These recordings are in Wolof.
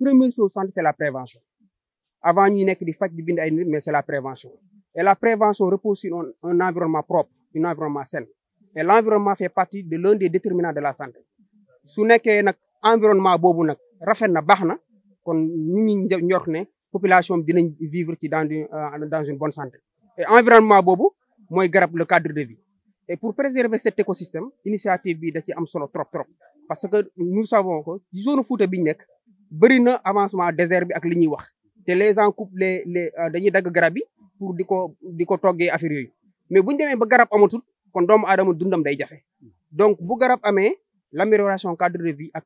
première chose c'est la prévention avant nous nekk di facteurs di mais c'est la prévention et la prévention repose sur un, environnement propre un environnement sain et l'environnement fait partie de l'un des déterminants de la santé Si nekkee un environnement bobu nak rafet na baax kon ñu ñi population bi vivre ci dans une euh, dans une bonne santé et environnement bobu moy garde le cadre de vie et pour préserver cet écosystème initiative bi da ci am solo trop parce que nous savons que si zone Fouta bi nek bëri avancement désert bi ak li ñuy wax té les gens coupent les les euh, dañuy dag garab pour diko diko di affaire yooyu mais bu ñu ba garab amatul kon doom aadama dundam day jafé donc bu garab amé l'amélioration cadre de vie ak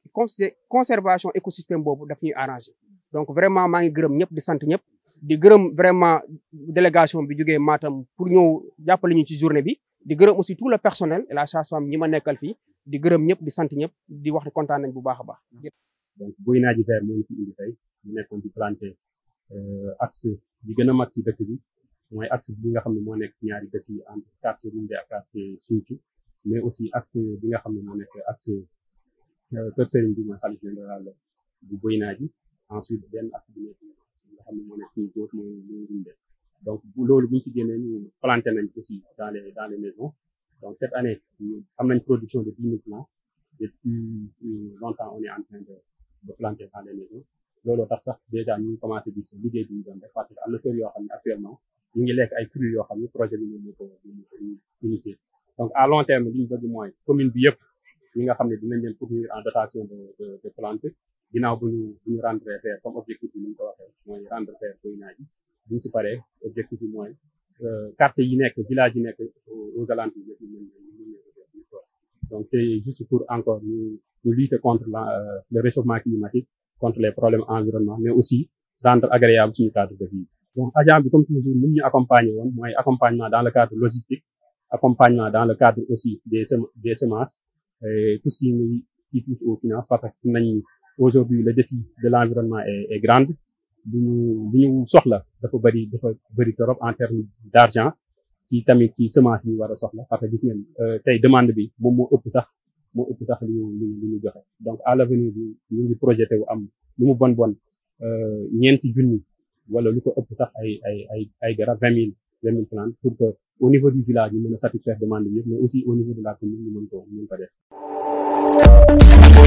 conservation écosystème bobu daf ñuy arrangé donc vraiment ma ngi gërëm ñëpp di sant ñëpp di gërëm vraiment délégation bi jógee Matam pour ñëw jàppale ñu ci journée bi di gërëm aussi tout le personnel et la chasse femme ñi nekkal fi di gërëm ñëpp di sant ñëpp di wax ne content nañ bu baax a donc Boy Nadji Vert moo ñu fi indi tey mu nekkoon di planter euh, axe bi gën a mag ci dëkk bi mooy axe bi nga xam ne moo nekk ñaari dëkk yi entre quartier Rundé ak quartier Sinthiou mais aussi axe bi nga xam ne moo nekk axe euh, Kër Serigne bi mooy xalif général bu Boy Nadji ensuite benn axe bi nekk nga xam ne moo nekk suñu góor mooy mooy Rundé donc loolu bu ñu ci génnee ñu planter nañ aussi dans les dans les maisons donc cette année am nañ production de dix mille plants depuis euh, longtemps on est en train de planté dans les maisons looloo tax sax dèjà ñu ngi commencé gis liggéey bi ñu doon parce que am na xam ne actuellement ñu ngi lekk ay fruits yoo xam ne projet bi ñoom ñoo nga xam ne dinañ leen fournir en dotation de de plante ginnaaw bu ñu rendre vert comme objectif bi ni ñu mooy rendre vert koy naa ji bu si paree objectif bi mooy euh, quartier yi nekk village yi nekk aux alentours yëpp Donc c'est juste pour encore nous, lutter contre euh, le réchauffement climatique, contre les problèmes environnement, mais aussi rendre agréable son cadre de vie. Donc à comme toujours nous nous accompagnons, nous nous accompagnement dans le cadre logistique accompagnement dans le cadre aussi des des semences tout ce qui qui touche aux finances parce que nañ aujourd'hui le défi de l'environnement est, est grande nous, nous lu la soxla dafa de dafa trop en termes d'argent ci tamit ci semence yi war a soxla parce que gis ngeen euh, tey demande bi moom moo ëpp sax moo ëpp sax li ñu li ñu joxe donc à l'avenir bi ñu ngi projeté am lu mu bon bon euh, ñeenti junni wala lu ko ëpp sax ay ay ay ay garab vingt mille vingt mille plantes pour que au niveau du village ñu mën a satisfaire demande bi mais aussi au niveau de la commune ñu mën ko ñu mën ko